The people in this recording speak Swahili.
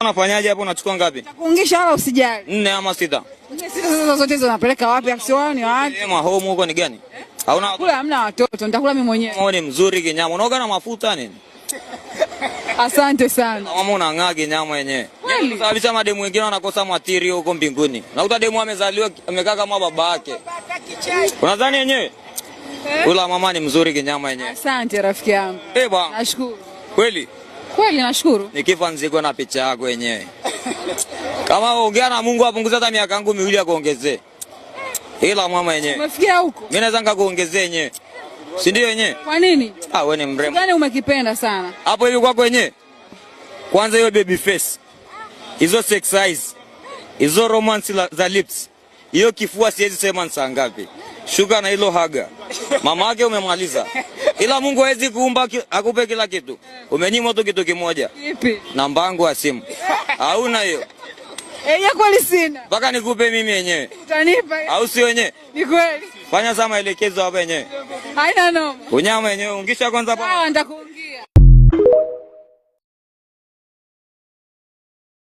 Unafanyaje hapo unachukua ngapi? Nitakuungisha wala usijali. Nne ama sita. Nne sita sasa zote zinapeleka wapi? Aksiwani wapi? Ema eh, home huko ni gani? Hauna kula hamna watoto, nitakula mimi mwenyewe. ni mzuri kinyama. Unaoga na mafuta nini? Asante sana. Mama unang'aa kinyama yenyewe. Yaani Sababu sema demu wengine wanakosa matiri huko mbinguni. Unakuta demu amezaliwa amekaa kama baba yake. Unadhani yenyewe? Kula eh? mama ni mzuri kinyama yenyewe. Asante rafiki yangu. Eh bwana. Nashukuru. Kweli? Kweli nashukuru. Nikifa nzikwe na picha yako yenyewe. Kama ongea na Mungu apunguze hata miaka yangu miwili akuongezee. Ila mama yenyewe. Umefikia huko? Mimi naweza nikakuongezea yenyewe. Si ndio yenyewe? Kwa nini? Ah, wewe ni mrembo. Gani umekipenda sana? Hapo hivi kwako yenyewe. Kwanza hiyo baby face. Hizo sex eyes. Hizo romance za lips. Hiyo kifua siwezi sema ni saa ngapi. Shuka na hilo haga mama yake umemaliza, ila Mungu hawezi kuumba akupe kila kitu. Eh. Umenyimwa tu kitu kimoja, namba yangu ya simu. Hauna hiyo mpaka nikupe mimi yenyewe, au si wenyewe? Fanya saa maelekezo hapa yenyewe, unyama yenyewe ungisha kwanza.